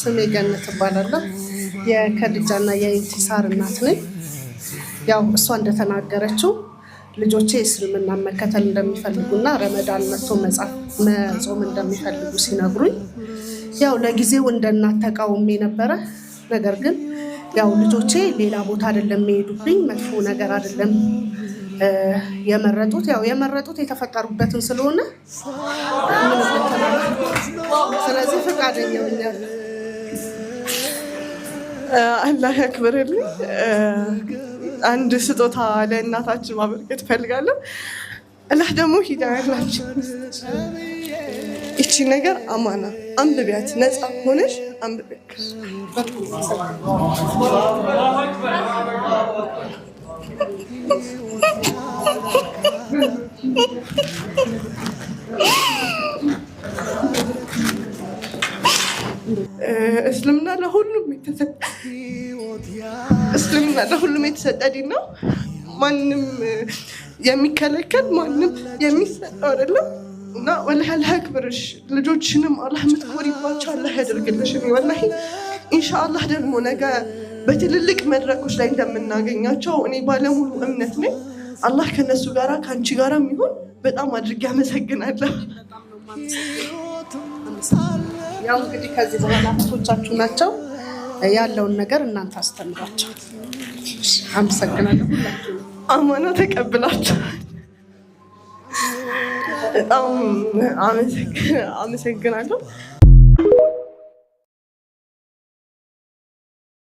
ስሜ ገነት እባላለሁ። የከድጃና የኢንቲሳር እናት ነኝ። ያው እሷ እንደተናገረችው ልጆቼ እስልምና መከተል እንደሚፈልጉና ረመዳን መጥቶ መጻፍ መጾም እንደሚፈልጉ ሲነግሩኝ ያው ለጊዜው እንደ እናት ተቃውሜ ነበረ። ነገር ግን ያው ልጆቼ ሌላ ቦታ አይደለም የሚሄዱብኝ፣ መጥፎ ነገር አይደለም የመረጡት ያው የመረጡት የተፈጠሩበትን ስለሆነ ስለዚህ ፈቃደኛው አላህ ያክብርልኝ። አንድ ስጦታ ለእናታችን ማበርከት እፈልጋለሁ። አላህ ደግሞ ሂዳያላችን ይቺ ነገር አማና አንብቢያት፣ ነፃ ሆነሽ አንብቢያት። እስልምና ለሁሉም እስልምና ለሁሉም የተሰጠ ዲን ነው። ማንም የሚከለከል ማንም የሚሰጠው አይደለም። እና ወላሂ አላህ ያክብርሽ። ልጆችንም አላህ የምትኮሪባቸው አላህ ያደርግልሽ። ወላሂ ኢንሻአላህ ደግሞ ነገ በትልልቅ መድረኮች ላይ እንደምናገኛቸው እኔ ባለሙሉ እምነት ነኝ። አላህ ከነሱ ጋራ ከአንቺ ጋራ የሚሆን በጣም አድርጌ አመሰግናለሁ። ያው እንግዲህ ከዚህ በኋላ እህቶቻችሁ ናቸው። ያለውን ነገር እናንተ አስተምሯቸው። አመሰግናለሁ። አማና ተቀብላቸው በጣም አመሰግናለሁ።